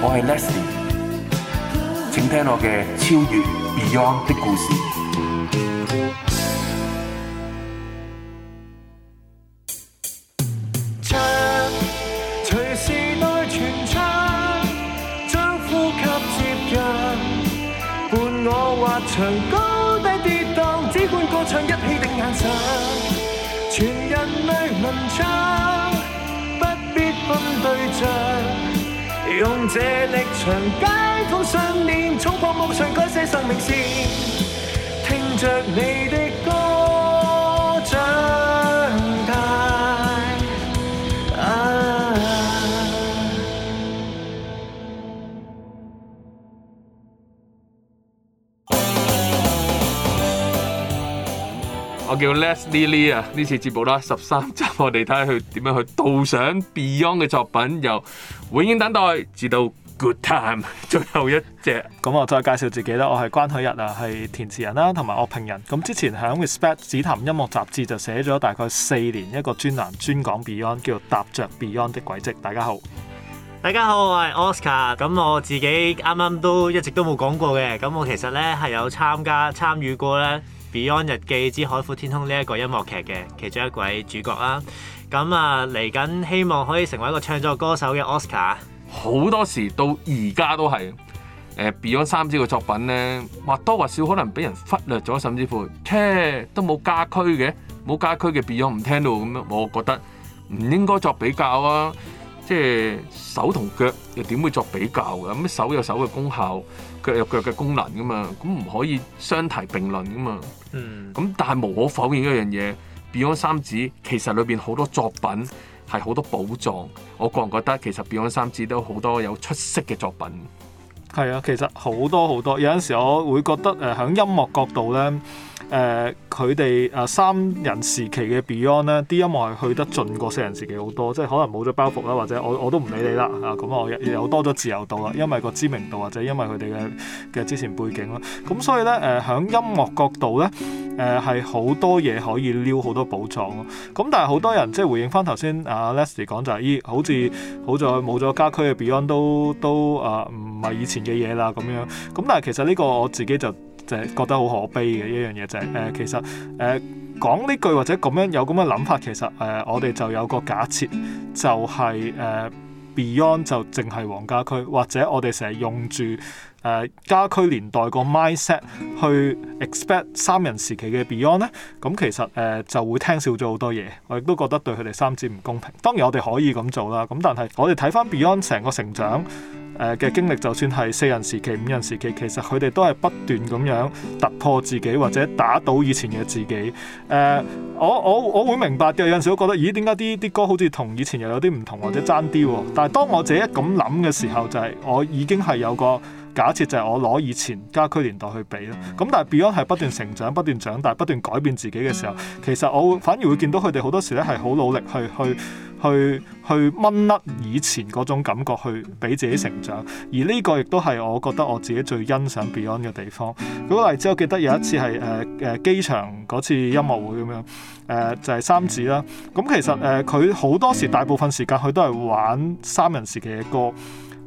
我係 Leslie，請聽我嘅超越 Beyond 的故事。唱， 隨時代傳唱，將呼吸接近，伴我滑翔高低跌宕，只管歌唱一起定眼神。用這力場，解封信念，衝破夢想，改寫生命線，聽着你的。我叫 Les Lily 啊，呢次節目啦十三集，我哋睇下佢點樣去導賞 Beyond 嘅作品，由《永遠等待》至到《Good Time》，最後一隻。咁我再介紹自己啦，我係關許日啊，係填詞人啦，同埋樂評人。咁之前喺 Respect 紫檀音樂雜誌就寫咗大概四年一個專欄，專講 Beyond，叫做《踏著 Beyond 的軌跡》。大家好，大家好，我係 Oscar。咁我自己啱啱都一直都冇講過嘅，咁我其實咧係有參加參與過咧。Beyond 日記之海闊天空呢一個音樂劇嘅其中一位主角啦、啊，咁啊嚟緊希望可以成為一個唱作歌手嘅 Oscar，好多時到而家都係誒、呃、Beyond 三子嘅作品咧，或多或少可能俾人忽略咗，甚至乎聽、欸、都冇家駒嘅冇家駒嘅 Beyond 唔聽到咁樣，我覺得唔應該作比較啊。即係手同腳又點會作比較㗎？咁手有手嘅功效，腳有腳嘅功能㗎嘛？咁唔可以相提並論㗎嘛？嗯。咁但係無可否認一樣嘢 ，Beyond 三子其實裏邊好多作品係好多寶藏。我個人覺得其實 Beyond 三子都有好多有出色嘅作品。係啊，其實好多好多，有陣時我會覺得誒，響、呃、音樂角度咧。誒，佢哋誒三人時期嘅 Beyond 咧，啲音樂係去得盡過四人時期好多，即係可能冇咗包袱啦，或者我我都唔理你啦啊，咁我又有多咗自由度啦，因為個知名度或者因為佢哋嘅嘅之前背景咯，咁所以咧誒響音樂角度咧誒係好多嘢可以撩好多寶藏咯。咁、啊、但係好多人即係回應翻頭先啊，Leslie 講就係、是、咦，好似好在冇咗家駒嘅 Beyond 都都、都啊唔係以前嘅嘢啦咁樣。咁但係其實呢個我自己就。就係覺得好可悲嘅一樣嘢、就是，就係誒其實誒講呢句或者咁樣有咁嘅諗法，其實誒、呃、我哋就有個假設，就係、是、誒、呃、Beyond 就淨係黃家駒，或者我哋成日用住誒、呃、家駒年代個 mindset 去 expect 三人時期嘅 Beyond 呢咁、嗯、其實誒、呃、就會聽少咗好多嘢，我亦都覺得對佢哋三子唔公平。當然我哋可以咁做啦，咁但係我哋睇翻 Beyond 成個成長。誒嘅、呃、經歷，就算係四人時期、五人時期，其實佢哋都係不斷咁樣突破自己，或者打倒以前嘅自己。誒、呃，我我我會明白嘅，有陣時都覺得，咦，點解啲啲歌好似同以前又有啲唔同，或者爭啲喎？但係當我自己咁諗嘅時候，就係、是、我已經係有個假設，就係我攞以前家駒年代去比咯。咁但係 Beyond 係不斷成長、不斷長大、不斷改變自己嘅時候，其實我反而會見到佢哋好多時咧係好努力去去。去去掹甩以前嗰種感覺，去俾自己成長。而呢個亦都係我覺得我自己最欣賞 Beyond 嘅地方。舉個例子，我記得有一次係誒誒機場嗰次音樂會咁樣，誒、呃、就係三子啦。咁其實誒佢好多時大部分時間佢都係玩三人時期嘅歌。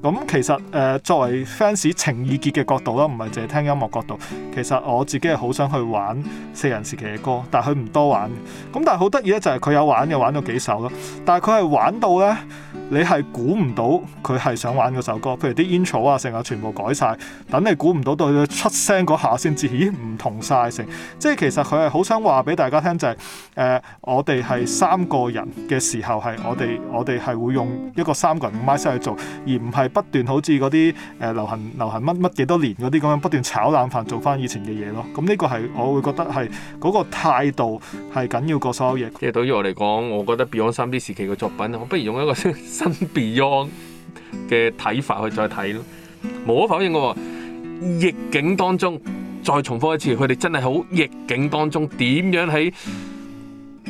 咁其實誒、呃、作為 fans 情意結嘅角度啦，唔係淨係聽音樂角度。其實我自己係好想去玩四人時期嘅歌，但係佢唔多玩。咁但係好得意咧，就係、是、佢有玩，嘅玩咗幾首咯。但係佢係玩到咧。你係估唔到佢係想玩嗰首歌，譬如啲 intro 啊，成日全部改晒，等你估唔到到佢出聲嗰下先至咦唔同晒。成，即係其實佢係好想話俾大家聽就係、是，誒、呃、我哋係三個人嘅時候係我哋我哋係會用一個三個人嘅 mindset 去做，而唔係不斷好似嗰啲誒流行流行乜乜幾多年嗰啲咁樣不斷炒冷飯做翻以前嘅嘢咯。咁、嗯、呢、這個係我會覺得係嗰、那個態度係緊要過所有嘢。即係對於我嚟講，我覺得 Beyond 三 D 時期嘅作品，我不如用一個。 新 Beyond 嘅睇法去再睇咯，無可否認喎。逆境當中，再重複一次，佢哋真係好逆境當中，點樣喺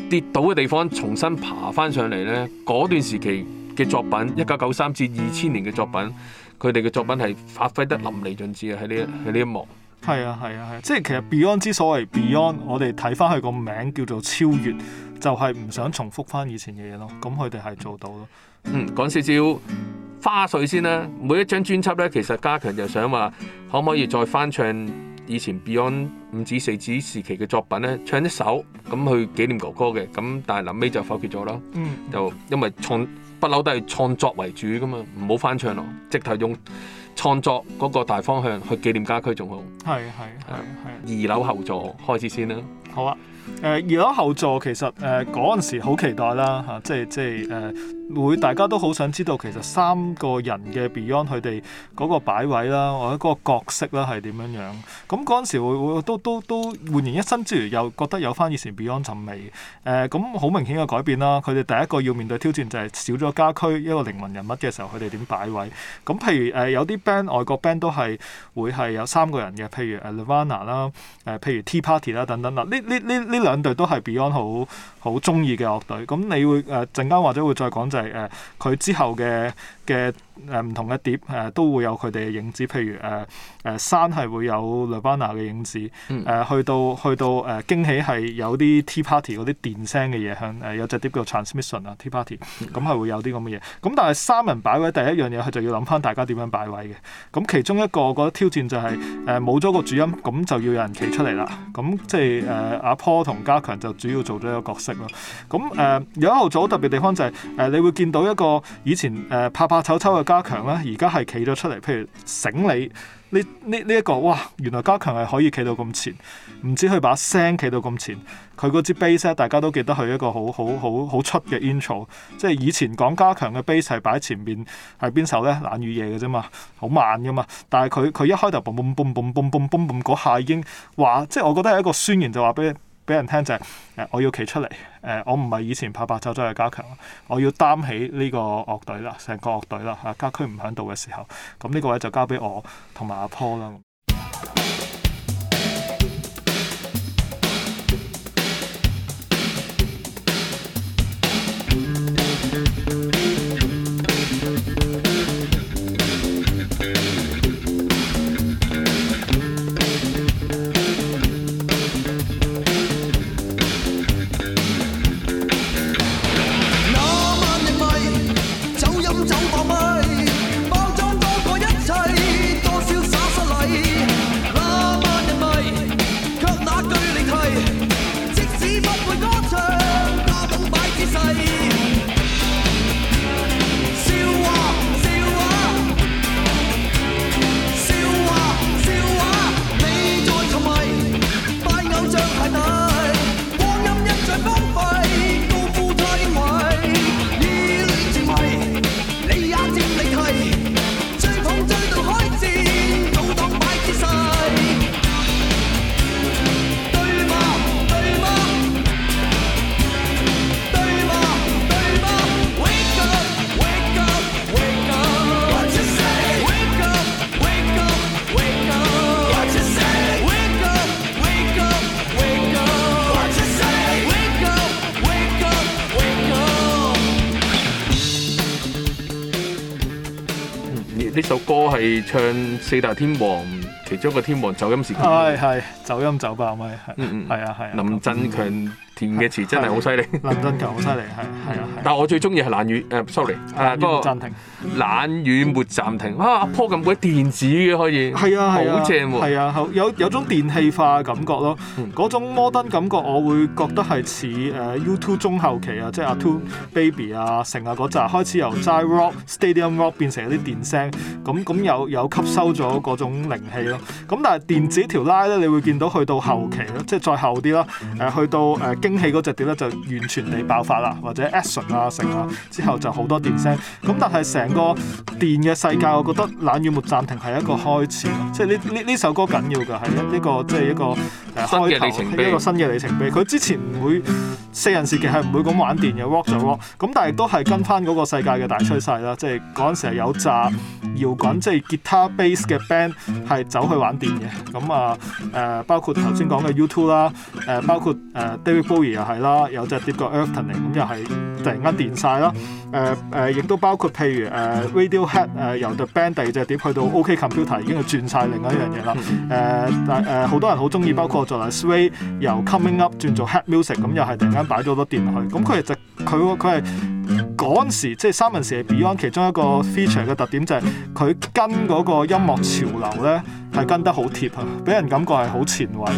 跌倒嘅地方重新爬翻上嚟咧？嗰段時期嘅作品，一九九三至二千年嘅作品，佢哋嘅作品係發揮得淋漓盡致啊！喺呢喺呢一幕，係啊係啊係、啊啊，即係其實 Beyond 之所謂 Beyond，、嗯、我哋睇翻佢個名叫做超越，就係、係、唔想重複翻以前嘅嘢咯。咁佢哋係做到咯。嗯，講少少花絮先啦。每一張專輯咧，其實家強就想話，可唔可以再翻唱以前 Beyond 五子四子時期嘅作品咧，唱一首咁去紀念哥哥嘅。咁但係臨尾就否決咗啦。嗯，就因為創不嬲都係創作為主㗎嘛，唔好翻唱咯，直頭用創作嗰個大方向去紀念家駒仲好。係係係係。啊、二樓後座開始先啦，好啊。誒、呃、二樓後座其實誒嗰陣時好期待啦嚇，即係即係誒、呃、會大家都好想知道其實三個人嘅 Beyond 佢哋嗰個擺位啦，或者嗰個角色啦係點樣樣？咁嗰陣時會,會都都都煥然一新，之餘，又覺得有返以前 Beyond 陣味。誒咁好明顯嘅改變啦，佢哋第一個要面對挑戰就係少咗家駒一個靈魂人物嘅時候，佢哋點擺位？咁、嗯、譬如誒、呃、有啲 band 外國 band 都係會係有三個人嘅，譬如、e、Nirvana 啦，誒、呃、譬如 Tea Party 啦等等啦，呢呢呢。呢兩隊都係 Beyond 好。好中意嘅樂隊，咁你會誒陣間或者會再講就係誒佢之後嘅嘅誒唔同嘅碟誒都會有佢哋嘅影子，譬如誒誒山係會有 Labana 嘅影子，誒去到去到誒驚喜係有啲 Tea Party 啲電聲嘅嘢響誒有隻碟叫 Transmission 啊 Tea Party，咁係會有啲咁嘅嘢。咁但係三人擺位第一樣嘢，佢就要諗翻大家點樣擺位嘅。咁其中一個個挑戰就係誒冇咗個主音，咁就要有人企出嚟啦。咁即係誒阿 Po 同加強就主要做咗一個角色。咁誒有一號組特別地方就係誒你會見到一個以前誒怕怕羞羞嘅加強啦，而家係企咗出嚟。譬如醒你呢呢呢一個，哇！原來加強係可以企到咁前，唔知佢把聲企到咁前。佢嗰支 bass 咧大家都記得佢一個好好好好出嘅 intro，即係以前講加強嘅 bass 係擺喺前面，係邊首咧？冷雨夜嘅啫嘛，好慢噶嘛。但係佢佢一開頭 boom boom boom boom boom boom boom 嗰下已經話，即係我覺得係一個宣言，就話俾。俾人聽就係、是，誒、呃，我要企出嚟，誒、呃，我唔係以前拍白就走去家強，我要擔起呢個樂隊啦，成個樂隊啦，啊，家駒唔響度嘅時候，咁呢個位就交俾我同埋阿 Paul 啦。首歌係唱四大天王其中一個天王走音時間、哎，係、哎、係走音走百米，係啊，係林振強。嘅詞真係好犀利，林振強好犀利係係啊！但係我最中意係冷雨誒，sorry 誒，不暫停冷雨沒暫停啊！阿坡咁鬼電子嘅，可以，係啊係好正喎！係的啊，有有種電氣化嘅感覺咯，嗰、嗯、種 modern 感覺我會覺得係似誒 U2 中後期啊，即係阿 Two Baby 啊，成啊嗰扎開始由 Jazz Rock Stadium Rock 變成啲電聲，咁咁有有吸收咗嗰種靈氣咯。咁但係電子條拉咧，你會見到去到後期咯，即係再後啲啦，誒去到誒經。Uh, 空氣嗰隻碟咧就完全地爆發啦，或者 action 啊成啊，之後就好多電聲。咁但係成個電嘅世界，我覺得冷雨沒暫停係一個開始咯。即係呢呢呢首歌緊要嘅係一呢個即係一個,一個,一個、啊、開頭，一個新嘅里程碑。佢之前唔會四人時期係唔會咁玩電嘅，rock 就 rock。咁但係都係跟翻嗰個世界嘅大趨勢啦。即係嗰陣時係有扎搖滾，即係吉他、bass 嘅 band 係走去玩電嘅。咁、嗯、啊誒、呃，包括頭先講嘅 U2 啦，誒包括誒、呃、David。高爾又係啦，有隻碟叫《Eternity》咁又係突然間電晒啦。誒、呃、誒、呃，亦都包括譬如誒、呃、Radiohead 誒、呃、由 The Band 第二隻碟去到 OK Computer 已經係轉曬另外一樣嘢啦。誒但誒好多人好中意，包括做嚟 Sway 由 Coming Up 轉做 Head Music，咁又係突然間擺咗好多電落去。咁佢其實佢佢係嗰陣時即係 Simon Says Beyond 其中一個 feature 嘅特點就係、是、佢跟嗰個音樂潮流咧係跟得好貼啊，俾人感覺係好前衞。誒、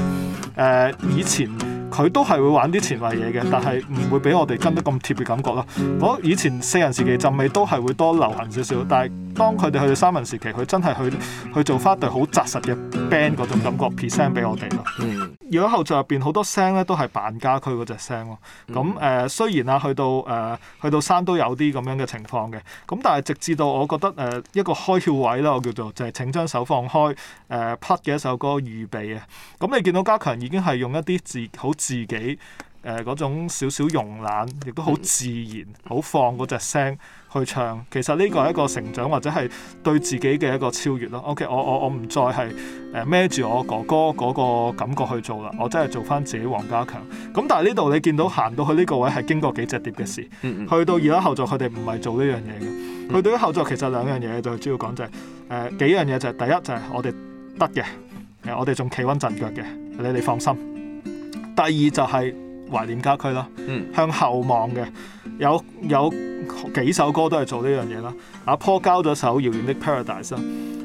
呃、以前。佢都係會玩啲前衞嘢嘅，但係唔會俾我哋跟得咁貼嘅感覺咯。我以前四人時期陣味都係會多流行少少，但係。當佢哋去到三文時期，佢真係去去做翻對好紮實嘅 band 嗰 種感覺 present 俾我哋咯。嗯，如 果樂後座入邊好多聲咧，都係扮家駒嗰隻聲咯。咁誒、呃，雖然啊，去到誒、呃、去到山都有啲咁樣嘅情況嘅，咁但係直至到我覺得誒、呃、一個開竅位啦，我叫做就係、是、請將手放開誒 Paul 嘅一首歌預備啊。咁你見到家強已經係用一啲自好自己。誒嗰、呃、種少少慵懶，亦都好自然，好放嗰隻聲去唱。其實呢個係一個成長，或者係對自己嘅一個超越咯。OK，我我我唔再係誒孭住我哥哥嗰個感覺去做啦。我真係做翻自己黃家強。咁、嗯、但係呢度你見到行到去呢個位係經過幾隻碟嘅事，嗯嗯、去到二樓後座佢哋唔係做呢樣嘢嘅。佢對於後座其實兩樣嘢就主要講就係誒幾樣嘢就係、是、第一就係我哋得嘅、呃，我哋仲企穩陣腳嘅，你哋放心。第二就係、是。懷念家區咯，嗯，向後望嘅。有有幾首歌都係做呢樣嘢啦。阿 p 坡交咗首《遙遠的 Paradise》啦，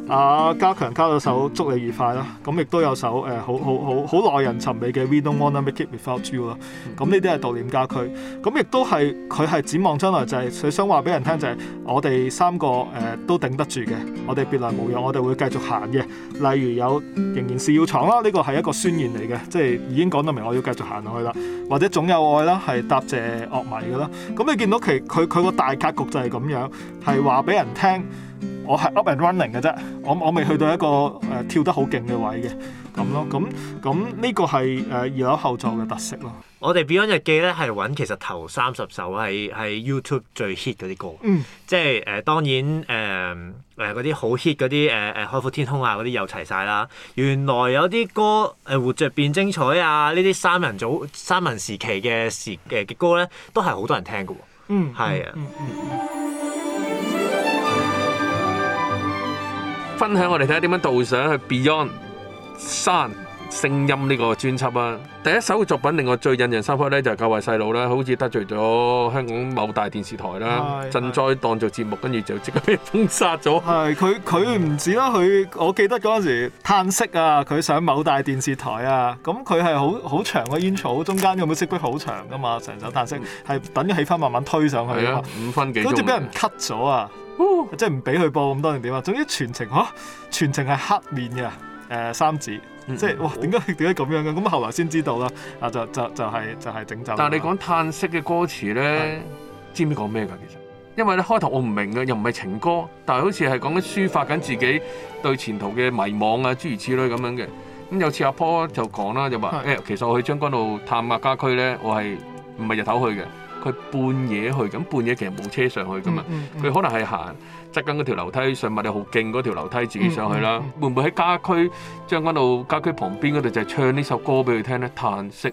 阿、啊、加強交咗首《祝你愉快》啦。咁亦都有首誒、呃、好好好耐人尋味嘅《We Don't Wanna k e i e w It h o u t You》啦。咁呢啲係悼念家區。咁亦都係佢係展望將來、就是，就係佢想話俾人聽就係我哋三個誒、呃、都頂得住嘅。我哋別來無恙，我哋會繼續行嘅。例如有仍然是要唱啦，呢個係一個宣言嚟嘅，即係已經講得明我要繼續行落去啦。或者總有愛啦，係答謝樂迷嘅啦。咁你見到其佢佢個大格局就係咁樣，係話俾人聽，我係 up and running 嘅啫，我我未去到一個誒、呃、跳得好勁嘅位嘅。咁咯，咁咁呢個係誒二樓後座嘅特色咯。我哋 Beyond 日記咧係揾其實頭三十首係喺 YouTube 最 hit 嗰啲歌，嗯、即係誒、呃、當然誒誒嗰啲好 hit 嗰啲誒誒海闊天空啊嗰啲又齊晒啦。原來有啲歌誒、呃、活着變精彩啊呢啲三人組三人時期嘅時嘅、呃、歌咧都係好多人聽嘅喎。係啊。分享我哋睇下點樣導賞去 Beyond。刪聲音呢個專輯啊！第一首嘅作品令我最印象深刻咧，就係教壞細路啦，好似得罪咗香港某大電視台啦，賑、哎、災當做節目，跟住就即刻被封殺咗。係佢佢唔止啦，佢我記得嗰陣時嘆息啊，佢上某大電視台啊，咁佢係好好長個 intro 中間有嘅 section 好長噶嘛，成首嘆息係、嗯、等啲氣氛慢慢推上去五、哎、後分幾，好似俾人 cut 咗啊有，即係唔俾佢播咁多定點啊？總之全程嗬，全程係黑面嘅。誒、呃、三子，即係是、嗯、哇點解點解咁樣嘅？咁啊後來先知道啦，啊就就就係就係、是就是、整集。但係你，的你講嘆息嘅歌詞咧，知唔知講咩㗎？其實因為咧開頭我唔明嘅，又唔係情歌，但係好似係講緊抒發緊自己對前途嘅迷惘，啊諸如此類咁樣嘅。咁有次阿波就講啦，就話誒的、欸、其實我去將軍澳探阿家區咧，我係唔係日頭去嘅，佢半夜去，咁半夜其實冇車上去㗎嘛，佢可能係行。側緊嗰條樓梯，上埋你好勁嗰條樓梯，自己上去啦。嗯嗯、會唔會喺家居將軍澳家居旁邊嗰度就係唱呢首歌俾佢聽呢？「嘆息。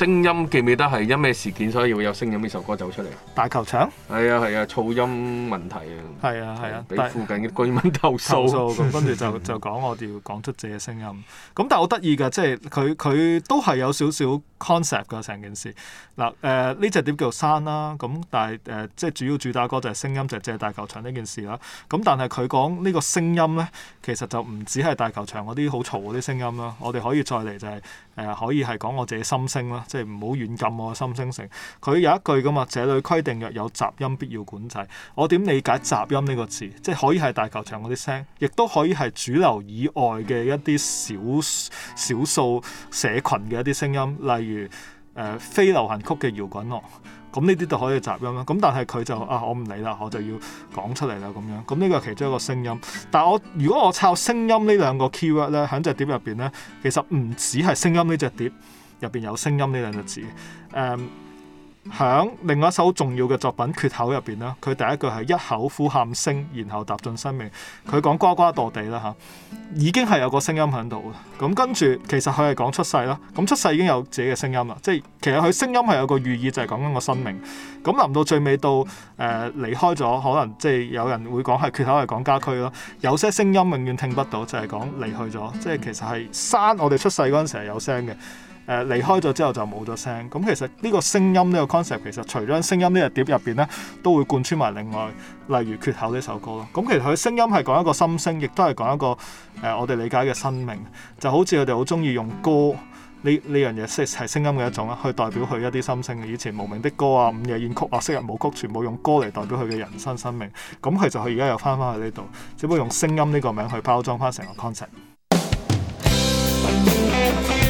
聲音記唔記得係因咩事件，所以會有聲音呢首歌走出嚟？大球場？係啊係啊，噪音問題啊。係啊係啊，俾附近嘅居民投訴咁，跟住 就就講我哋要講出自己嘅聲音。咁 但係好得意嘅，即係佢佢都係有少少 concept 嘅成件事。嗱、呃、誒，呢隻碟叫做山啦。咁但係誒、呃，即係主要主打歌就係聲音，就係、是、借大球場呢件事啦。咁但係佢講呢個聲音咧，其實就唔只係大球場嗰啲好嘈嗰啲聲音啦。我哋可以再嚟就係、是、誒、呃，可以係講我自己心聲啦。即係唔好軟禁我嘅心聲性，佢有一句噶嘛，這裏規定若有雜音必要管制。我點理解雜音呢，呢個字？即係可以係大球場嗰啲聲，亦都可以係主流以外嘅一啲少少數社群嘅一啲聲音，例如誒、呃、非流行曲嘅搖滾樂。咁呢啲就可以雜音啦。咁但係佢就啊，我唔理啦，我就要講出嚟啦咁樣。咁呢個係其中一個聲音。但係我如果我抄聲音呢兩個 keyword 咧，喺隻碟入邊咧，其實唔只係聲音呢隻碟。入邊有聲音呢兩隻字，誒、um, 響另外一首重要嘅作品《缺口》入邊啦，佢第一句係一口呼喊聲，然後踏進生命。佢講呱呱墮地啦嚇、啊，已經係有個聲音喺度嘅。咁、嗯、跟住其實佢係講出世啦，咁、嗯、出世已經有自己嘅聲音啦，即係其實佢聲音係有個寓意，就係講緊個生命。咁、嗯、臨到最尾到誒離、呃、開咗，可能即係有人會講係缺口係講家區咯。有些聲音永遠聽不到，就係講離去咗。即係其實係山，我哋出世嗰陣時係有聲嘅。誒離開咗之後就冇咗聲，咁其實呢個聲音呢個 concept 其實除咗聲音呢個碟入邊呢，都會貫穿埋另外，例如缺口呢首歌咯。咁其實佢聲音係講一個心聲，亦都係講一個誒、呃、我哋理解嘅生命，就好似佢哋好中意用歌呢呢樣嘢聲係聲音嘅一種去代表佢一啲心聲。以前無名的歌啊、午夜宴曲啊、昔日舞曲，全部用歌嚟代表佢嘅人生生命。咁其實佢而家又翻返去呢度，只不過用聲音呢個名去包裝翻成個 concept。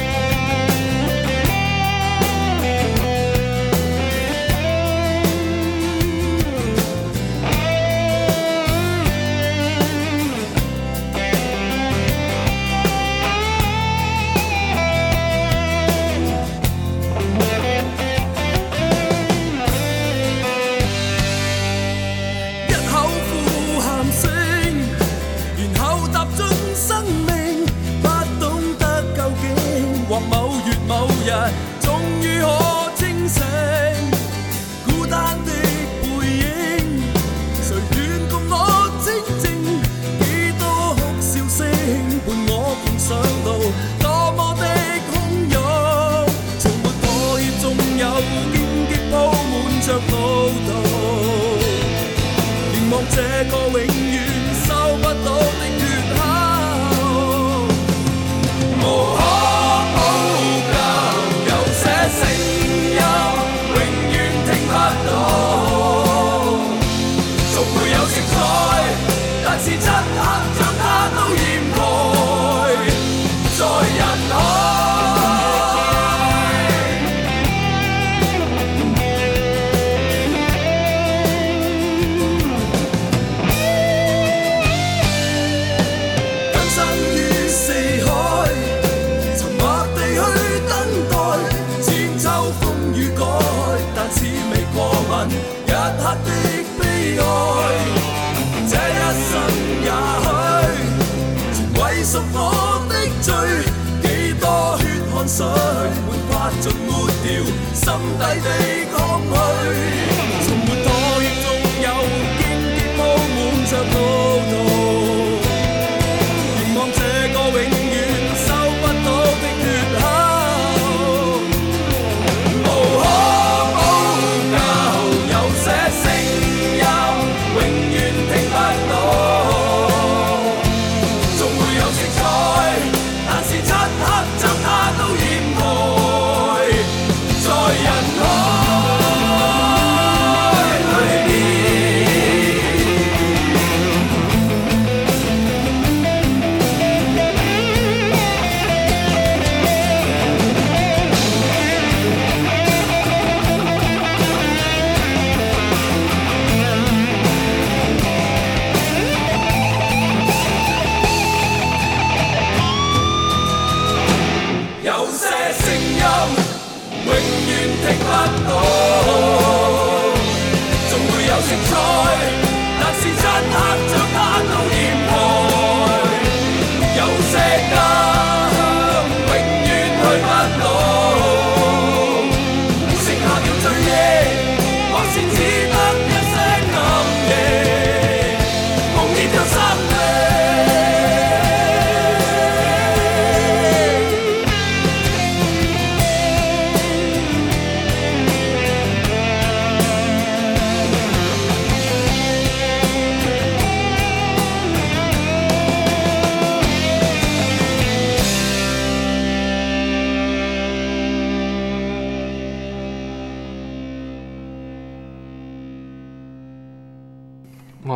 贖我的罪，幾多血汗水，沒刮盡抹掉，心底的空虛。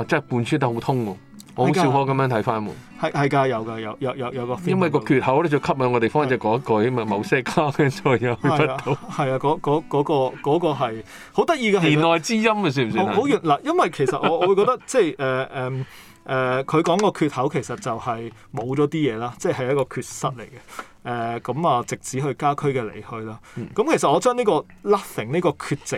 即係貫穿得好通喎，好小的可咁樣睇翻喎，係係㗎，有㗎有有有有個，因個的，因為個缺口咧就吸引我哋方就嗰一句嘛，某些家嘅錯又去不到，係啊，嗰嗰嗰個係、嗰個、好得意嘅，弦外之音啊，算唔算好完嗱，因為其實我我會覺得 即係誒誒誒，佢講個缺口其實就係冇咗啲嘢啦，即係一個缺失嚟嘅，誒咁啊，直指去家區嘅離去啦。咁其實我將呢個 nothing 呢個缺席。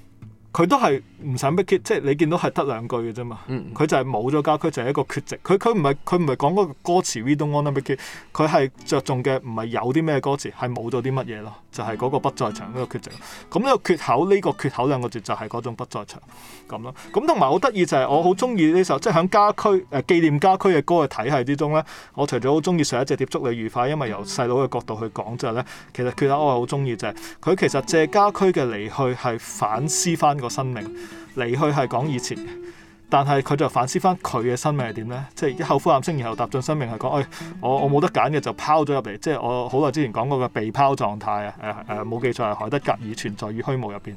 佢都係唔想被揭，即係你見到係得兩句嘅啫嘛。佢、嗯、就係冇咗家駒，就係、是、一個缺席。佢佢唔係佢唔係講嗰個歌詞 We don't wanna be 揭，佢係着重嘅唔係有啲咩歌詞，係冇咗啲乜嘢咯。就係、是、嗰個不在場嗰個缺席。咁、嗯、呢、這個缺口呢、這個缺口兩個字就係嗰種不在場咁咯。咁同埋好得意就係我好中意呢首，即係喺家駒誒、呃、紀念家駒嘅歌嘅體系之中呢。我除咗好中意上一隻碟《祝你愉快》，因為由細佬嘅角度去講就是、呢。其實缺口我係好中意就係、是、佢其實借家駒嘅離去係反思翻。個生命離去係講以前，但係佢就反思翻佢嘅生命係點呢？即係一口呼喊聲，然後踏進生命係講，誒，哎，我我冇得揀嘅就拋咗入嚟，即係我好耐之前講過嘅被拋狀態啊，誒，啊，冇記錯係海德格爾存在與虛無入邊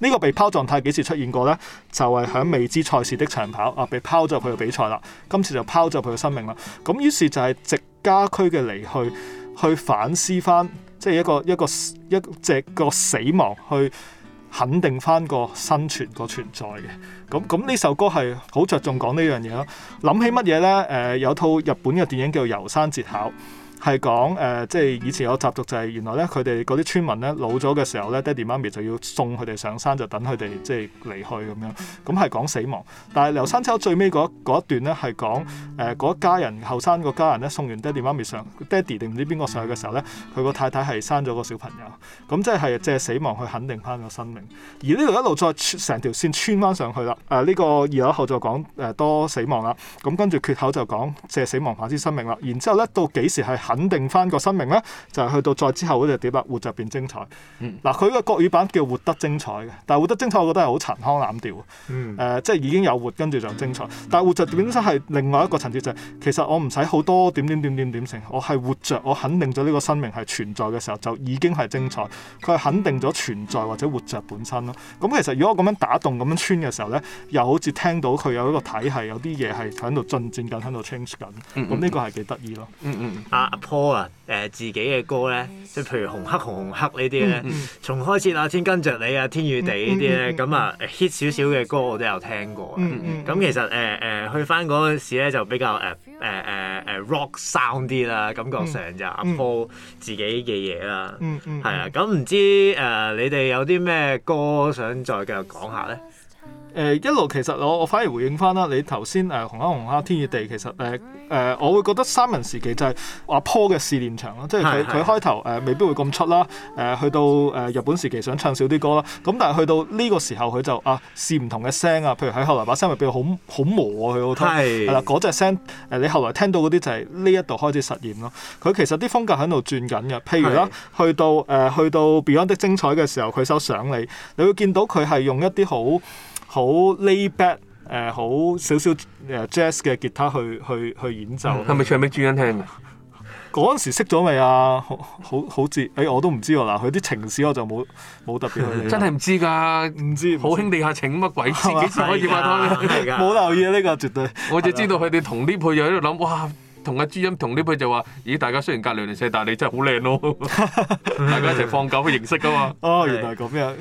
呢個被拋狀態幾時出現過呢？就係響未知賽事的長跑啊，被拋咗入去嘅比賽啦。今次就拋咗入去個生命啦。咁於是就係直家區嘅離去，去反思翻，即係一個一個一只個,個,個,個,個死亡去。肯定翻個生存個存在嘅，咁咁呢首歌係好着重講呢樣嘢囉。諗起乜嘢呢？誒、呃，有套日本嘅電影叫《楢山節考》。係講誒，即係以前有習俗就係原來咧，佢哋嗰啲村民咧老咗嘅時候咧，爹地媽咪就要送佢哋上山，就等佢哋即係離去咁樣。咁係講死亡。但係《劉山秋》最尾嗰一、嗰一段咧係講誒嗰一家人後生個家人咧送完爹地媽咪上爹地定唔知邊個上去嘅時候咧，佢個太太係生咗個小朋友。咁即係借死亡去肯定翻個生命。而呢度一路再成條線穿翻上去啦。誒，呢個二樓後就講誒，多死亡啦。咁跟住缺口就講借死亡反之生命啦。然之後咧到幾時係？肯定翻個生命啦，就係、是、去到再之後嗰隻碟啊，活着變精彩。嗱、嗯，佢個國語版叫《活得精彩》嘅，但係《活得精彩》我覺得係好陳腔濫調。誒、嗯呃，即係已經有活，跟住就精彩。但係活着本身係另外一個層次，就係、是、其實我唔使好多點點點點點成，我係活着，我肯定咗呢個生命係存在嘅時候，就已經係精彩。佢係肯定咗存在或者活着本身咯。咁其實如果咁樣打洞咁樣穿嘅時候咧，又好似聽到佢有一個體系，有啲嘢係喺度進展緊，喺度 change 緊。咁呢個係幾得意咯。嗯，嗯，嗯，嗯 Paul 啊，誒、呃、自己嘅歌咧，即譬如紅黑紅紅黑呢啲咧，嗯嗯、從開始那天跟着你天、嗯嗯嗯、啊天與地呢啲咧，咁啊 hit 少少嘅歌我都有聽過，咁、嗯嗯、其實誒誒、呃呃、去翻嗰陣時咧就比較誒誒誒誒 rock sound 啲啦，感覺上就阿 Paul 自己嘅嘢啦，係、嗯嗯嗯、啊，咁、嗯、唔、嗯嗯、知誒、呃、你哋有啲咩歌想再繼續講下咧？誒、呃、一路其實我我反而回應返啦，你頭先誒紅黑紅黑天與地其實誒誒、呃呃，我會覺得三人時期就係阿 Paul 嘅試練場咯，即係佢佢開頭誒、呃、未必會咁出啦，誒、呃、去到誒、呃、日本時期想唱少啲歌啦，咁但係去到呢個時候佢就啊試唔同嘅聲啊，譬如喺後來把聲入變好好磨啊，佢好套係啦嗰隻聲、呃、你後來聽到嗰啲就係呢一度開始實驗咯，佢其實啲風格喺度轉緊嘅，譬如啦是是去到誒、呃、去到 Beyond 的精彩嘅時候，佢首《想你》你會見到佢係用一啲好。好 laid back 誒、呃，好少少誒 jazz 嘅吉他去去去演奏，係咪唱俾朱茵聽啊？嗰陣 時識咗未啊？好好好似，誒、欸、我都唔知喎。嗱，佢啲情史我就冇冇特別去理。理。真係唔知㗎，唔知。好兄弟下情乜鬼？知自己可以話得冇留意啊！呢、這個絕對。我就知道佢哋同啲配角喺度諗，哇！同阿朱茵，同呢批就話，咦，大家雖然隔離鄰舍，但係你真係好靚咯！大家一齊放狗去認識噶嘛？哦，原來係咁樣，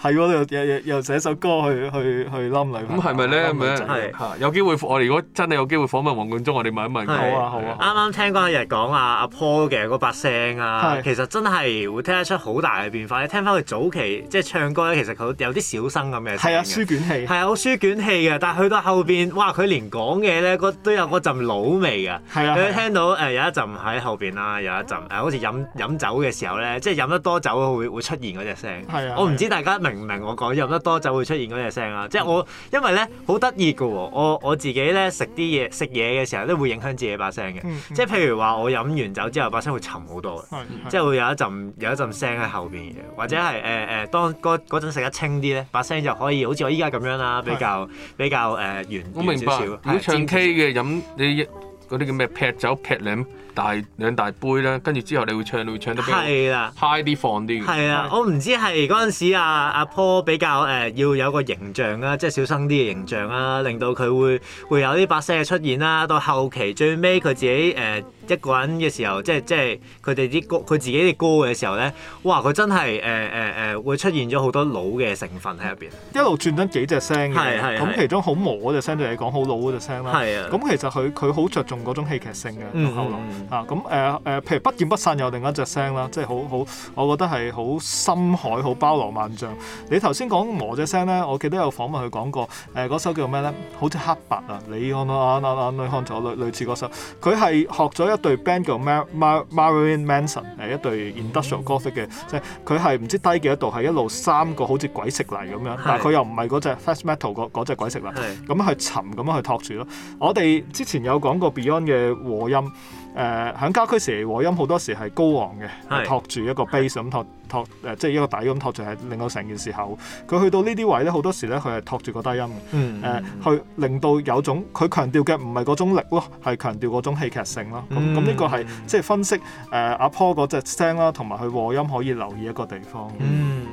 係喎，又又寫首歌去去去冧女。咁係咪咧？咁樣有機會，我哋如果真係有機會訪問黃貫中，我哋問一問佢。啱啱聽嗰日講阿阿 Paul 嘅嗰把聲啊，其實真係會聽得出好大嘅變化。你聽翻佢早期即係唱歌咧，其實佢有啲小生咁嘅。係啊，書卷氣。係啊，好書卷氣嘅，但係去到後邊，哇！佢連講嘢咧，都有嗰陣老味㗎。佢聽到誒有一陣喺後邊啦，有一陣誒、呃、好似飲飲酒嘅時候咧，即係飲得多酒會會出現嗰隻聲。啊啊、我唔知大家明唔明我？我講飲得多酒會出現嗰隻聲啦。即係我因為咧好得意㗎喎，我我自己咧食啲嘢食嘢嘅時候都會影響自己把聲嘅。嗯嗯、即係譬如話，我飲完酒之後，把聲會沉好多嘅。即係、啊啊、會有一陣、啊、有一陣聲喺後邊嘅，或者係誒誒，當嗰陣食得清啲咧，把聲就可以好似我依家咁樣啦，比較、啊、比較誒、呃、圓啲。少少。我明白。係對唱 K 嘅飲對嗰啲叫咩？劈酒劈兩。大兩大杯啦，跟住之後你會唱，你會唱得係啦的，high 啲放啲。係的啊，我唔知係嗰陣時阿阿 Paul 比較誒、呃、要有個形象啦，即係小生啲嘅形象啦，令到佢會會有啲把聲嘅出現啦。到後期最尾佢自己誒、呃、一個人嘅時候，即係即係佢哋啲歌，佢自己啲歌嘅時候咧，哇！佢真係誒誒誒會出現咗好多老嘅成分喺入邊。一路轉得幾隻聲，咁其中好摩嘅聲對你講好老嘅聲啦。係啊的，咁的其實佢佢好着重嗰種戲劇性嘅、mm hmm. 嗯。啊，咁誒誒，譬如不見不散有另一隻聲啦，即係好好，我覺得係好深海，好包羅萬象。你頭先講鵝隻聲咧，我記得有訪問佢講過，誒嗰首叫咩咧？好似黑白啊，你睇咗類似嗰首，佢係學咗一隊 band 叫 Marilyn Manson，一隊 industrial gothic 嘅，即係佢係唔知低幾度，係一路三個好似鬼食泥噉樣，但係佢又唔係嗰隻 metal 嗰隻鬼食泥噉樣去沉噉樣去托住囉。我哋之前有講過 Beyond 嘅和音。誒喺、呃、郊區時和音好多時係高昂嘅是，托住一個 bass 咁托托誒，即係一個底咁托住，係令到成件事後佢去到呢啲位咧，好多時咧佢係托住個低音嘅、嗯呃。去令到有種佢強調嘅唔係嗰種力咯，係強調嗰種戲劇性咯。咁咁呢個係即係分析誒、呃、阿 Paul 嗰隻聲啦，同埋佢和音可以留意一個地方。嗯，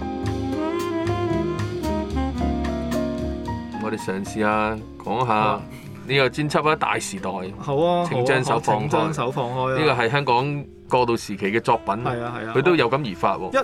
嗯我哋嘗試啊，講下。呢個專輯喺《大時代》好啊，請將手放開，將、啊、手放開啦！呢個係香港過渡時期嘅作品，係啊係啊，佢、啊、都有感而發喎。一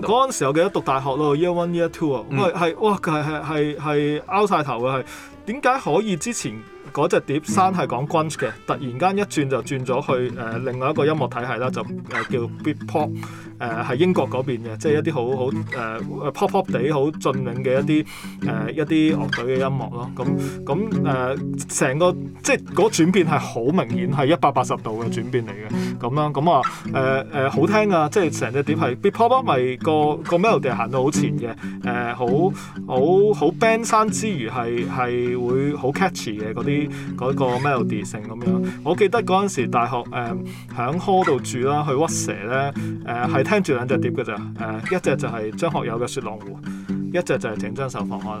嗰陣時，我記得讀大學咯，Year One、Year Two 啊、嗯，係係、哦、哇，係係係係拗晒頭嘅係點解可以之前嗰隻碟、嗯、山係講 grunge 嘅，突然間一轉就轉咗去誒、呃、另外一個音樂體系啦，就誒、呃、叫 Britpop。誒，係英國嗰邊嘅，即係一啲好好誒 pop pop 地好峻嶺嘅一啲誒一啲樂隊嘅音樂咯。咁咁誒成個即係嗰轉變係好明顯，係一百八十度嘅轉變嚟嘅。咁樣咁啊誒誒好聽啊！即係成隻碟係 Britpop，咪個個 melody 行到好前嘅。誒好好好 band 山之餘係係會好 catchy 嘅嗰啲嗰個 melody 性咁樣。我記得嗰陣時大學誒響 hall 度住啦，去屈蛇咧誒係。聽住兩隻碟噶咋？誒、呃，一隻就係張學友嘅《雪狼湖》，一隻就係《情真守放開》。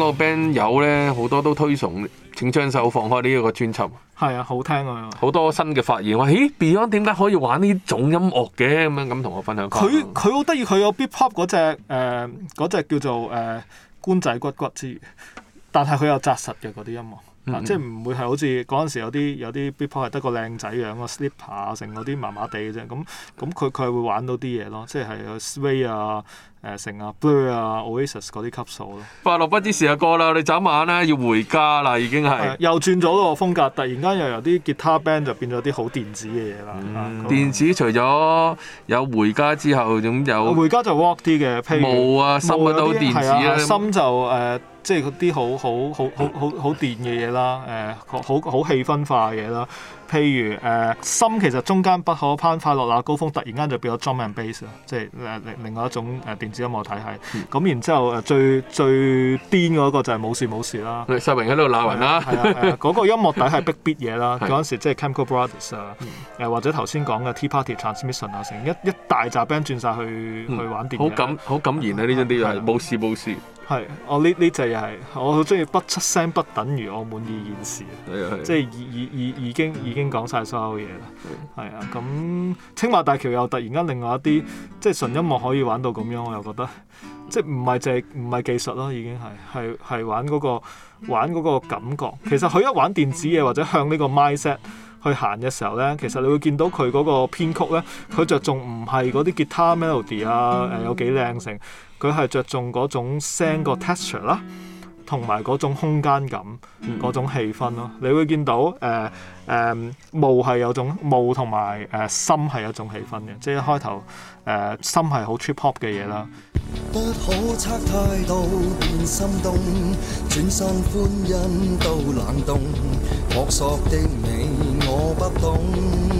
個 band 友咧好多都推崇《請將手放開》呢個專輯，係啊，好聽啊！好多新嘅發現，我咦，Beyond 點解可以玩呢種音樂嘅咁樣咁同我分享？佢佢好得意，佢有，有 beat pop 嗰隻誒隻叫做誒、呃、官仔骨骨之，但係佢有扎實嘅嗰啲音樂。即係唔會係好似嗰陣時有啲有啲 Britpop 係得個靚仔樣啊 slipper 啊，成嗰啲麻麻地嘅啫。咁咁佢佢係會玩到啲嘢咯。即係係 sway 啊，誒，成啊 Blur 啊，oasis 嗰啲級數咯。快樂不知時日過啦，你昨晚咧要回家啦，已經係又轉咗個風格，突然間又有啲吉他 band 就變咗啲好電子嘅嘢啦。電子除咗有回家之後，仲有回家就 rock 啲嘅，冇啊，冇啊，都電子啊，心就誒。即係嗰啲好好好好好好電嘅嘢啦，誒、欸，好好好氣氛化嘅嘢啦。譬如誒心其實中間不可攀，快樂啦高峰突然間就變咗 drum and bass 即係另另外一種誒電子音樂體系。咁然之後誒最最癲嗰個就係冇事冇事啦。世榮喺度鬧人啦，嗰個音樂底係 big beat 嘢啦。嗰陣時即係 Chemical Brothers 啊，或者頭先講嘅 Tea Party Transmission 啊，成一一大紮 band 轉晒去去玩電影。好感好感言啊！呢張啲又係冇事冇事。係我呢呢隻又係我好中意，不出聲不等於我滿意現時。即係已已已已已經。已經講晒所有嘢啦，係啊，咁青馬大橋又突然間另外一啲，即係純音樂可以玩到咁樣，我又覺得即係唔係淨係唔係技術咯，已經係係係玩嗰個、玩嗰個感覺。其實佢一玩電子嘢或者向呢個 mindset 去行嘅時候咧，其實你會見到佢嗰個編曲咧，佢着重唔係嗰啲 guitar melody 啊，誒、mm hmm. 呃、有幾靚性，佢係着重嗰種聲個 texture 啦、啊。同埋嗰種空間感，嗰種氣氛咯，你會見到誒誒、呃呃，霧係有種霧，同埋誒心係有種氣氛嘅，即係一開頭誒、呃、心係好 trip hop 嘅嘢啦。不可測態度變心動，轉身歡欣都冷凍，撲朔的你我不懂。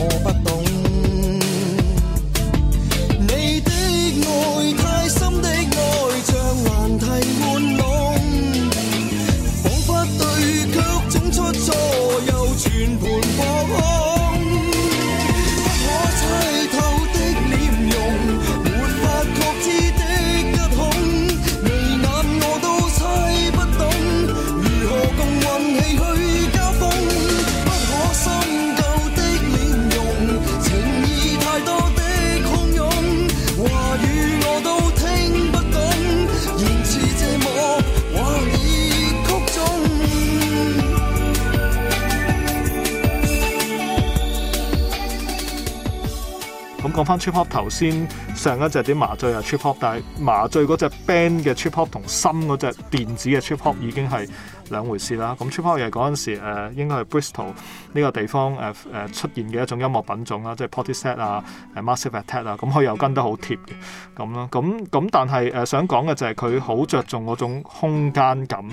trip hop 頭先上一隻啲麻醉啊 trip hop，但係麻醉嗰隻 band 嘅 trip hop 同新嗰隻電子嘅 trip hop 已經係兩回事啦。咁 trip hop 嘢嗰陣時誒、呃、應該係 Bristol 呢個地方誒誒、呃呃、出現嘅一種音樂品種啦，即係 Portishead 啊、呃、Massive Attack 啊，咁佢又跟得好貼嘅咁咯。咁咁但係誒、呃、想講嘅就係佢好着重嗰種空間感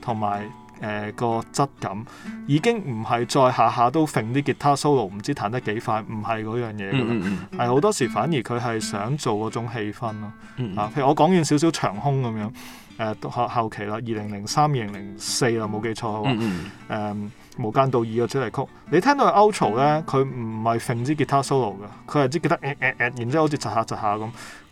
同埋。誒、呃、嗰個質感已經唔係再下下都揈啲吉他 solo，唔知彈得幾快，唔係嗰樣嘢㗎啦。係好 多時反而佢係想做嗰種氣氛咯、 啊。譬如我講完少少長空咁樣，誒、呃、後後期啦，二零零三、二零零四啦，冇記錯嘅話。嗯嗯嗯。 um, 無間道二個主題曲，你聽到 outro 咧，佢唔係揈支吉他 solo 嘅，佢係支吉他叮叮叮，然之後好似窒下窒下咁，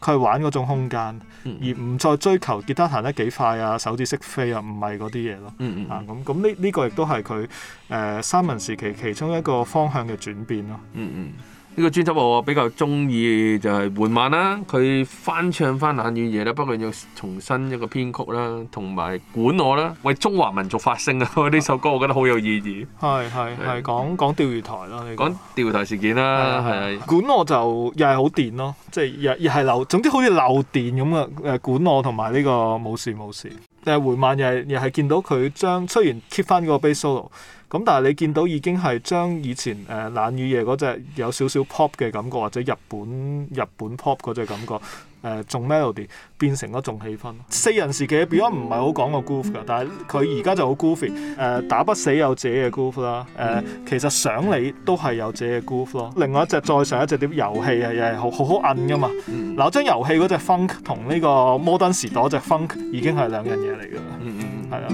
佢係玩嗰種空間，而唔再追求吉他彈得幾快啊，手指識飛啊，唔係嗰啲嘢咯，嗯嗯嗯啊，咁咁，呢呢個亦都係佢誒三文時期其中一個方向嘅轉變咯。嗯嗯。呢個專輯我比較中意就係、是、緩慢啦，佢翻唱翻冷雨夜啦，不過要重新一個編曲啦，同埋管我啦，為中華民族發聲啊！呢、啊、首歌我覺得好有意義。係係係講講釣魚台啦，講、這、釣、個、魚台事件啦，係、啊啊啊、管我就又係好電咯，即係又又係漏，總之好似漏電咁啊，誒，管我同埋呢個冇事冇事。誒回慢又又係見到佢將雖然 keep 返個 bass solo，咁但係你見到已經係將以前誒、呃、冷雨夜嗰隻有少少 pop 嘅感覺，或者日本日本 pop 嗰隻感覺。誒重、呃、melody 變成一種氣氛，四人時期變咗唔係好講個 groove 噶，但係佢而家就好 groovy 誒、呃、打不死有自己嘅 groove 啦，誒、呃、其實想你都係有自己嘅 groove 咯。另外一隻再上一隻碟遊戲啊，又係好好好摁噶嘛。嗱、嗯，我將遊戲嗰隻 funk 同呢個 modern 時代嗰隻 funk 已經係兩樣嘢嚟噶啦，係啊。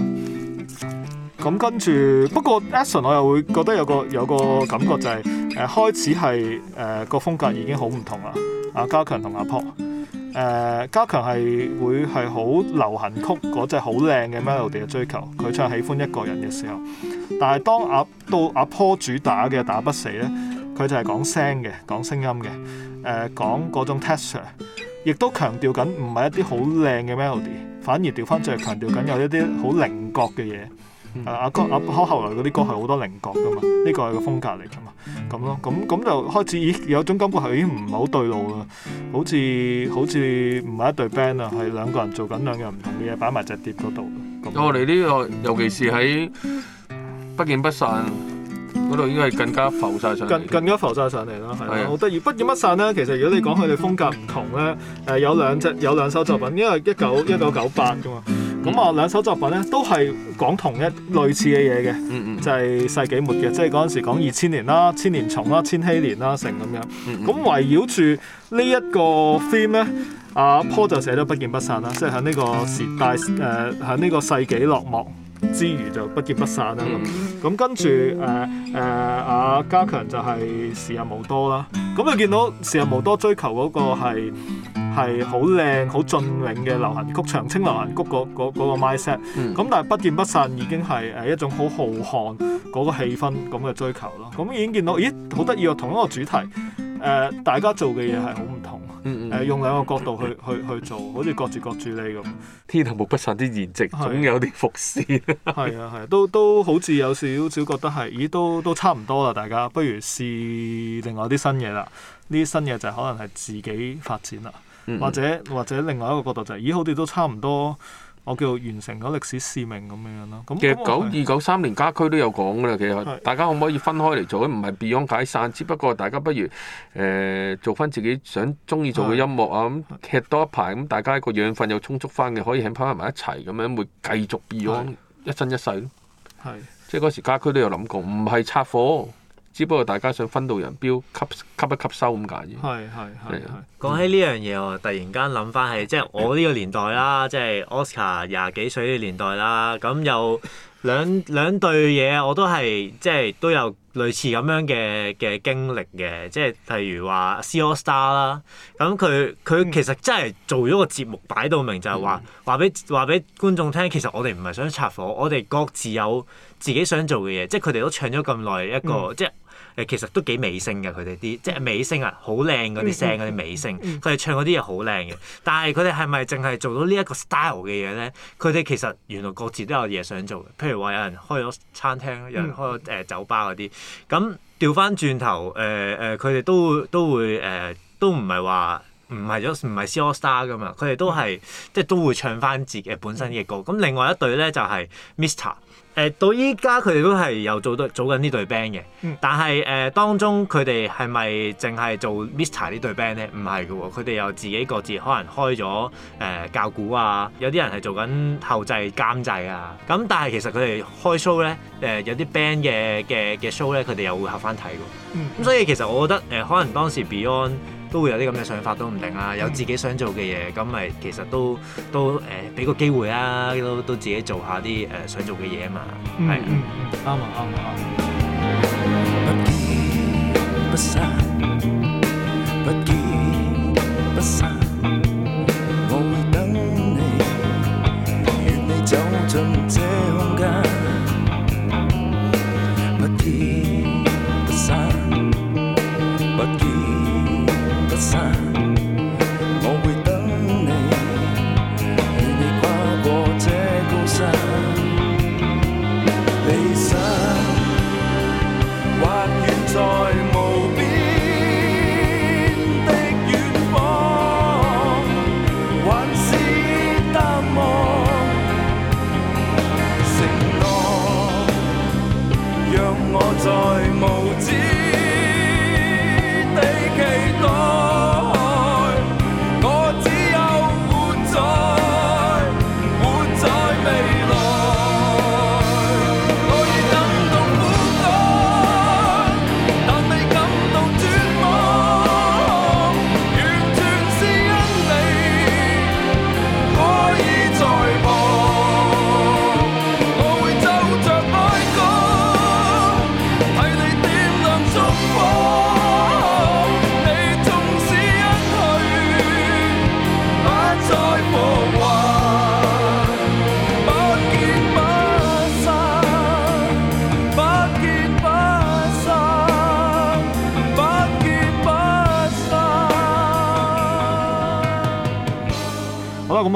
咁跟住不過 action 我又會覺得有個有個感覺就係、是、誒、呃、開始係誒、呃、個風格已經好唔同啦。阿加強同阿 Paul 誒家、呃、強係會係好流行曲嗰隻好靚嘅 melody 嘅追求，佢唱喜歡一個人嘅時候。但係當阿到阿坡主打嘅打不死咧，佢就係講聲嘅，講聲音嘅，誒、呃、講嗰種 texture，亦都強調緊唔係一啲好靚嘅 melody，反而調翻轉強調緊有一啲好稜角嘅嘢。阿、嗯啊、哥阿可、啊、後來嗰啲歌係好多稜角㗎嘛，呢個係個風格嚟㗎嘛，咁咯，咁咁就開始，咦有種感覺係已經唔係好對路啦，好似好似唔係一隊 band 啊，係兩個人做緊兩樣唔同嘅嘢擺埋隻碟嗰度。咁我哋呢個尤其是喺《不見不散》嗰度，應該係更加浮晒上嚟。更加浮晒上嚟啦，係啊，好得意！《不見不散》咧，其實如果你講佢哋風格唔同咧，誒、呃、有兩隻有兩首作品，因為一九一九九八㗎嘛。咁啊，嗯、兩首作品咧都係講同一類似嘅嘢嘅，嗯嗯、就係世紀末嘅，嗯嗯、即係嗰陣時講二千年啦、千年蟲啦、千禧年啦成咁樣。咁、嗯嗯嗯、圍繞住呢一個 theme 咧，阿 Paul 就寫得「不見不散」啦、嗯，即係喺呢個時代誒，喺、呃、呢個世紀落幕。之餘就不見不散啦，咁跟住誒誒阿加強就係時日無多啦，咁就見到時日無多追求嗰個係好靚好雋永嘅流行曲，長青流行曲嗰嗰嗰個 mindset 咁，但係不見不散已經係誒一種好浩瀚嗰個氣氛咁嘅追求咯，咁已經見到咦，好得意啊，同一個主題。誒、呃，大家做嘅嘢係好唔同，誒、呃、用兩個角度去去去做，好似各住各住呢咁。天下無不散啲筵席，啊、總有啲服侍，係啊，係、啊啊，都都好似有少少覺得係，咦，都都差唔多啦，大家不如試另外啲新嘢啦。呢啲新嘢就可能係自己發展啦，嗯嗯或者或者另外一個角度就係、是，咦，好似都差唔多。我叫完成咗歷史使命咁樣樣咯。其實九二九三年家駒都有講噶啦。其實大家可唔可以分開嚟做？唔係 Beyond 解散，只不過大家不如誒、呃、做翻自己想鍾意做嘅音樂啊。咁踢的多一排，咁大家個養分又充足翻嘅，可以喺翻埋一齊咁樣，會繼續 Beyond 的一生一世咯。係的。即係嗰時家駒都有諗過，唔係拆夥。只不過大家想分道揚鑣，吸吸不吸收咁解啫。係係係。嗯、講起呢樣嘢我突然間諗翻起，即係我呢個年代啦，即係 Oscar 廿幾歲呢個年代啦。咁有兩兩對嘢我都係即係都有類似咁樣嘅嘅經歷嘅，即係例如話《C AllStar》啦。咁佢佢其實真係做咗個節目、嗯、擺到明，就係話話俾話俾觀眾聽，其實我哋唔係想拆夥，我哋各自有自己想做嘅嘢。即係佢哋都唱咗咁耐一個，嗯、即係。誒其實都幾美聲嘅，佢哋啲即係美聲啊，好靚嗰啲聲，嗰啲、mm hmm. 美聲，佢哋唱嗰啲嘢好靚嘅。但係佢哋係咪淨係做到呢一個 style 嘅嘢咧？佢哋其實原來各自都有嘢想做，譬如話有人開咗餐廳，有人開咗誒、呃、酒吧嗰啲。咁調翻轉頭，誒誒，佢哋、呃、都都會誒、呃，都唔係話唔係咗唔係 C AllStar 噶嘛，佢哋都係、mm hmm. 即係都會唱翻自己本身嘅歌。咁、mm hmm. 另外一隊咧就係、是、Mr.。誒到依家佢哋都係又做，做隊組緊呢隊 band 嘅，但係誒、呃、當中佢哋係咪淨係做 Mr. 呢隊 band 咧？唔係嘅喎，佢哋又自己各自可能開咗誒、呃、教鼓啊，有啲人係做緊後製監製啊，咁但係其實佢哋開 show 咧，誒、呃、有啲 band 嘅嘅嘅 show 咧，佢哋又會合翻睇喎，咁、嗯、所以其實我覺得誒、呃、可能當時 Beyond。都會有啲咁嘅想法都唔定啦，有自己想做嘅嘢，咁咪其實都都誒俾、呃、個機會啊，都都自己做下啲誒想做嘅嘢啊嘛，係啱、嗯、啊，啱啊、嗯。嗯嗯嗯嗯嗯。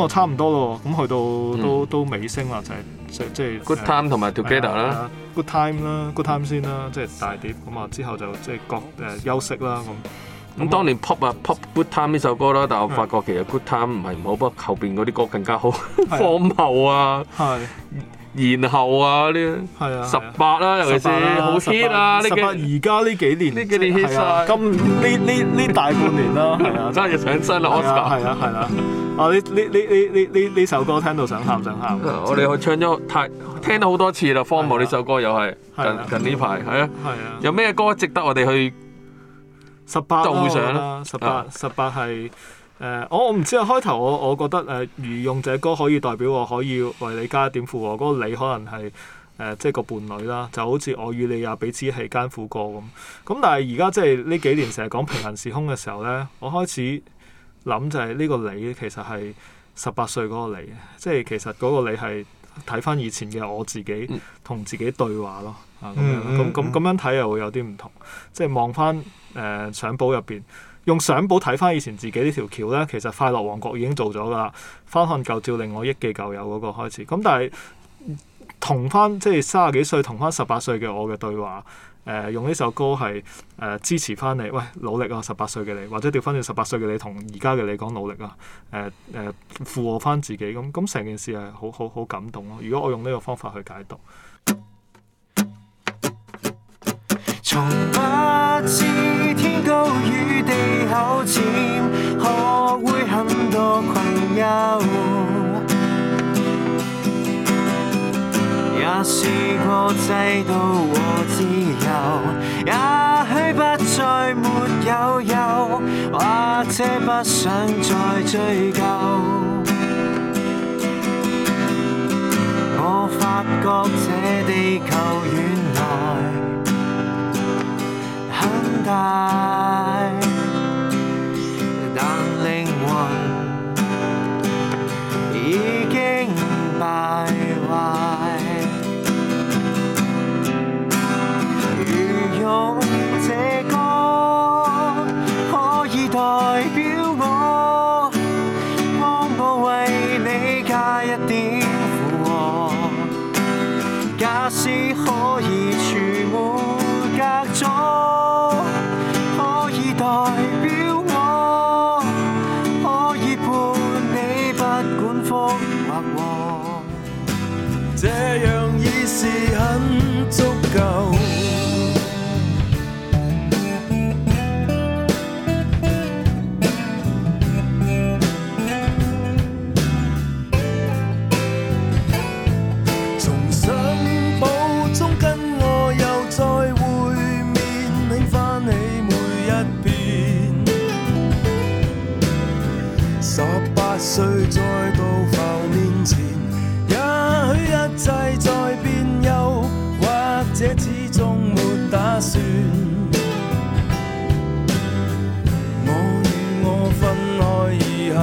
我差唔多咯，咁去到都都尾聲啦，就係即即係。Good time 同埋 Together 啦，Good time 啦，Good time 先啦，即係大碟。咁啊之後就即係各誒休息啦。咁咁當年 pop 啊，pop good time 呢首歌啦。但係我發覺其實 good time 唔係唔好，不過後邊嗰啲歌更加好。放後啊，係，然後啊嗰啲係啊，十八啦，尤其是好 hit 啊。呢幾而家呢幾年呢幾年 hit 啊，今呢呢呢大半年啦，係啊，真係要上真啊 Oscar，係啦係啦。哦，呢呢呢呢呢呢首歌聽到想喊、嗯、想喊，啊啊、我哋去唱咗太聽到好多次啦。啊、荒謬呢首歌又係近近呢排係啊，近近啊。啊啊有咩歌值得我哋去十八就會上啦？十八十八係誒，我我唔知啊。開頭我我覺得誒、呃，如用這歌可以代表我可以為你加一點負荷，嗰、那個你可能係誒、呃，即係個伴侶啦。就好似我與你呀彼此係艱苦過咁。咁、呃呃呃、但係而家即係呢幾年成日講平行時空嘅時候咧，我開始。嗯諗就係呢個你其實係十八歲嗰個你，即係其實嗰個你係睇翻以前嘅我自己同自己對話咯，咁、嗯、樣咁咁咁樣睇又會有啲唔同，即係望翻誒相簿入邊，用相簿睇翻以前自己呢條橋咧，其實快樂王國已經做咗噶啦，翻看舊照令我憶記舊友嗰個開始，咁、嗯、但係同翻即係卅幾歲同翻十八歲嘅我嘅對話。誒、呃、用呢首歌係誒、呃、支持翻你，喂努力啊！十八歲嘅你，或者調翻你十八歲嘅你同而家嘅你講努力啊！誒、呃、誒，附和翻自己咁，咁、嗯、成、嗯、件事係好好好感動咯，啊！如果我用呢個方法去解讀，從不知天高與地厚淺，學會很多困憂。試過制度和自由，也許不再沒有憂，或者不想再追究。我發覺這地球原來很大，但靈魂已經敗壞。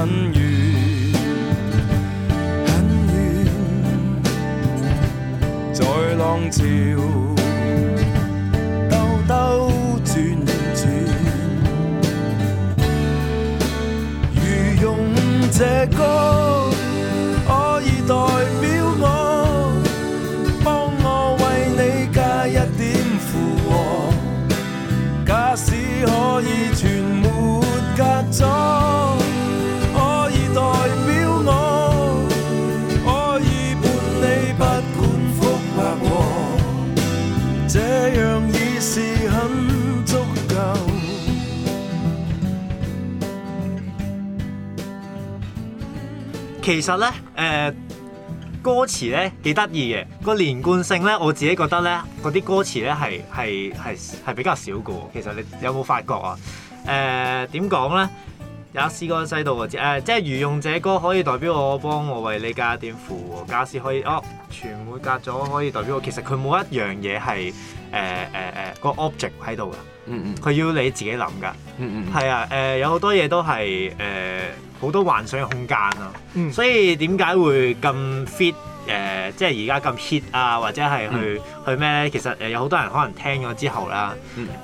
很遠，很遠，在浪潮。其實咧，誒、呃、歌詞咧幾得意嘅，個連貫性咧，我自己覺得咧，嗰啲歌詞咧係係係係比較少嘅。其實你有冇發覺啊？誒點講咧？有也試過細到誒，即係如用者歌可以代表我幫我為你加點符，荷，假使可以哦，全會隔咗可以代表我。其實佢冇一樣嘢係誒誒誒個 object 喺度㗎。嗯嗯，佢要你自己諗㗎。嗯嗯、啊，係啊誒，有好多嘢都係誒，好、呃、多幻想空間啊。嗯、所以點解會咁 fit 誒、呃？即係而家咁 hit 啊，或者係去。嗯佢咩其實誒有好多人可能聽咗之後啦，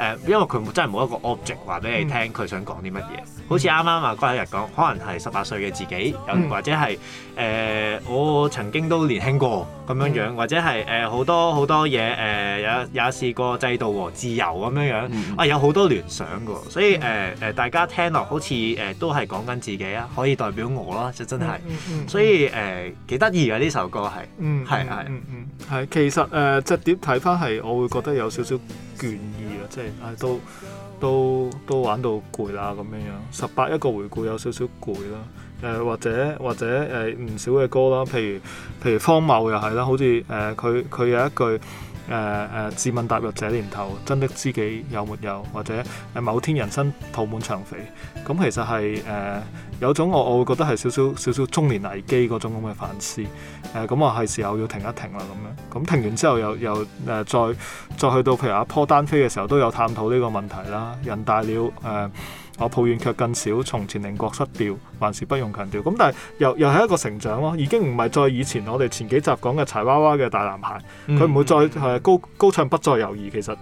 誒因為佢真係冇一個 object 話俾你聽，佢想講啲乜嘢。好似啱啱話過一日講，可能係十八歲嘅自己，又或者係誒我曾經都年輕過咁樣樣，或者係誒好多好多嘢誒，有也試過制度和自由咁樣樣，啊有好多聯想㗎，所以誒誒大家聽落好似誒都係講緊自己啊，可以代表我囉，就真係，所以誒幾得意㗎呢首歌係，係係，其實誒點？睇返係，我會覺得有少少倦意啊！即係唉，都都都玩到攰啦咁樣樣。十八一個回顧有少少攰啦。誒、呃、或者或者誒唔、呃、少嘅歌啦，譬如譬如荒謬又係啦，好似誒佢佢有一句。誒誒、呃，自問踏入這年頭，真的知己有沒有？或者誒，某天人生肚滿腸肥，咁其實係誒、呃、有種我我會覺得係少少少少中年危機嗰種咁嘅反思。誒咁啊，係時候要停一停啦，咁樣咁停完之後又又誒、呃、再再去到譬如阿坡單飛嘅時候，都有探討呢個問題啦。人大了誒。呃我抱怨卻更少，從前寧國失掉，還是不用強調。咁但係又又係一個成長咯，已經唔係再以前我哋前幾集講嘅柴娃娃嘅大男孩，佢唔會再係高高唱不再猶豫。其實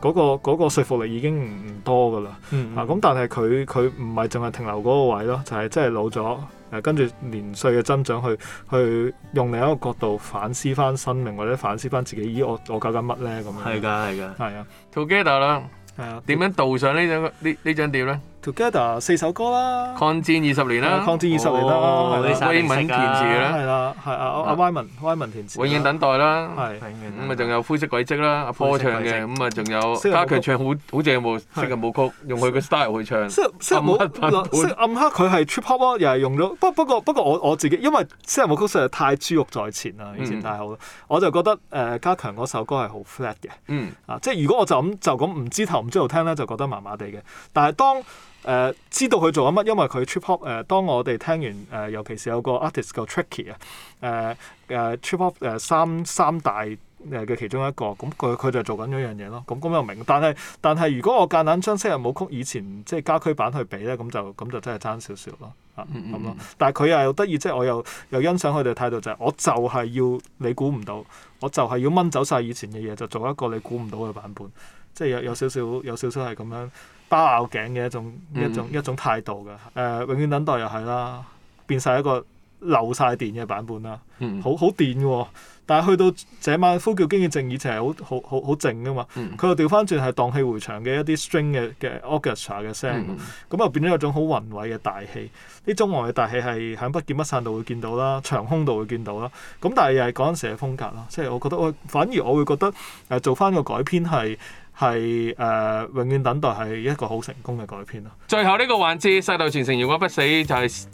嗰、那個嗰、那個、說服力已經唔多噶啦。啊，咁但係佢佢唔係仲係停留嗰個位咯，就係、是、即係老咗，誒跟住年歲嘅增長去去用另一個角度反思翻生命，或者反思翻自己，咦我我搞緊乜咧？咁樣係㗎係㗎係啊 Together 啦，係啊，點樣導上呢張呢呢呢呢張碟咧？Together 四首歌啦，抗戰二十年啦，抗戰二十年啦，Wyman 填詞啦，係啦，阿阿 Wyman 永遠等待啦，係咁啊，仲有灰色軌跡啦，阿 Paul 唱嘅，咁啊，仲有家強唱好好正喎，舞曲用佢嘅 style 去唱，暗黑，暗黑佢係 trip hop 咯，又係用咗，不不過不過我我自己因為昔日舞曲實在太珠玉在前啦，以前太好，我就覺得誒家強嗰首歌係好 flat 嘅，即係如果我就咁就咁唔知頭唔知路聽咧，就覺得麻麻地嘅，但係當誒、呃、知道佢做緊乜，因為佢 trip hop 誒、呃。當我哋聽完誒、呃，尤其是有個 artist 叫 Tricky 啊、呃，誒、呃、誒 trip hop 誒、呃、三三大嘅、呃、其中一個，咁佢佢就做緊一樣嘢咯。咁咁又明，但係但係如果我間硬將昔日舞曲以前即係家居版去比咧，咁就咁就真係爭少少咯。咁、啊 mm hmm. 咯。但係佢又又得意，即係我又又欣賞佢哋態度就係、是，我就係要你估唔到，我就係要掹走晒以前嘅嘢，就做一個你估唔到嘅版本，即係有有少少有少少係咁樣。包拗頸嘅一種、嗯、一種一種態度嘅，誒、呃、永遠等待又係啦，變晒一個漏晒電嘅版本啦，嗯、好好電喎、哦！但係去到這晚呼叫經典靜，以前係好好好好靜噶嘛，佢、嗯、又調翻轉係盪氣回腸嘅一啲 string 嘅嘅 orchestra 嘅聲，咁又、嗯、變咗一種好宏偉嘅大氣。呢種宏偉大氣係喺《不見不散》度會見到啦，長空度會見到啦。咁但係又係嗰陣時嘅風格咯，即、就、係、是、我覺得我反而我會覺得誒、呃呃、做翻個改編係。係誒，永遠等待係一個好成功嘅改編啦。最後呢個環節，《世代傳承搖滾不死》就係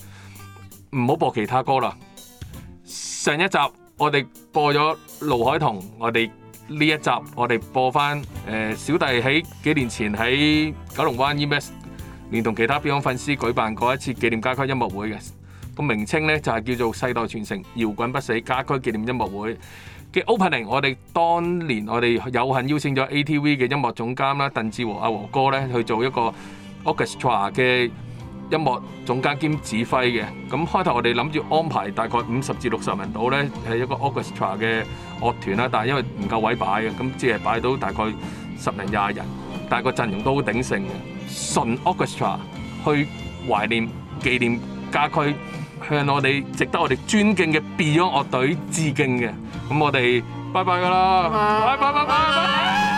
唔好播其他歌啦。上一集我哋播咗盧海彤，我哋呢一集我哋播返誒小弟喺幾年前喺九龍灣 EMS 連同其他 Beyond 粉絲舉辦過一次紀念家駒音樂會嘅，個名稱呢就係叫做《世代傳承搖滾不死家駒紀念音樂會》。嘅 opening，我哋當年我哋有幸邀請咗 ATV 嘅音樂總監啦，鄧志和阿和哥咧去做一個 orchestra 嘅音樂總監兼指揮嘅。咁開頭我哋諗住安排大概五十至六十人到咧係一個 orchestra 嘅樂團啦，但係因為唔夠位擺嘅，咁只係擺到大概十零廿人，但係個陣容都好鼎盛嘅，純 orchestra 去懷念紀念家駒，向我哋值得我哋尊敬嘅 Beyond 樂隊致敬嘅。咁我哋拜拜㗎喇，拜拜拜拜。